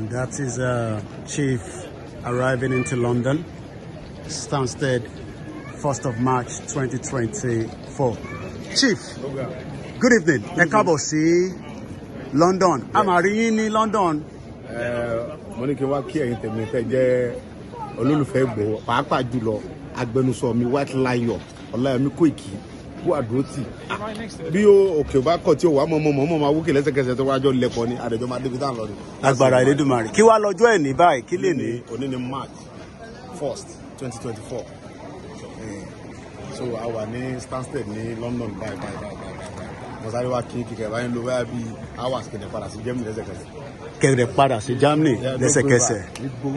and that is uh, Chief arriving into London, Stansted, 1st of March 2024. Chief, good evening. Ẹ káàbọ̀ sí London. A máa rí yín London. Mo ní kí n wá kí ẹ̀yin tèmi tẹ́ jẹ́ olólùfẹ́ Ìgbòho, White Lion Ọláyọmí Kóìkì wà dúró tì bí òkè ò bá kọ̀ tí ò wá mọ̀mọ́ mọ̀mọ́ máa wókè lẹ́sẹ̀kẹsẹ̀ tó wájọ́ lẹ́kọ̀ọ́ ni àdéjọ́ máa débi tá à ń lọ ni. agbára Elédùmarè kí wàá lọ́jọ́ ẹ̀ ní báyìí kí lè ní. òní ni March first twenty twenty four so a wà ní Stansted ní London báyìí báyìí báyìí mo sáré wá kí kíkẹ́ báyìí ń lo báyà bíi hours kẹ̀dẹ̀ padà sí Germany lẹ́sẹ̀kẹsẹ̀. kẹ̀dẹ̀ padà sí Germany lẹ́sẹ̀kẹsẹ̀.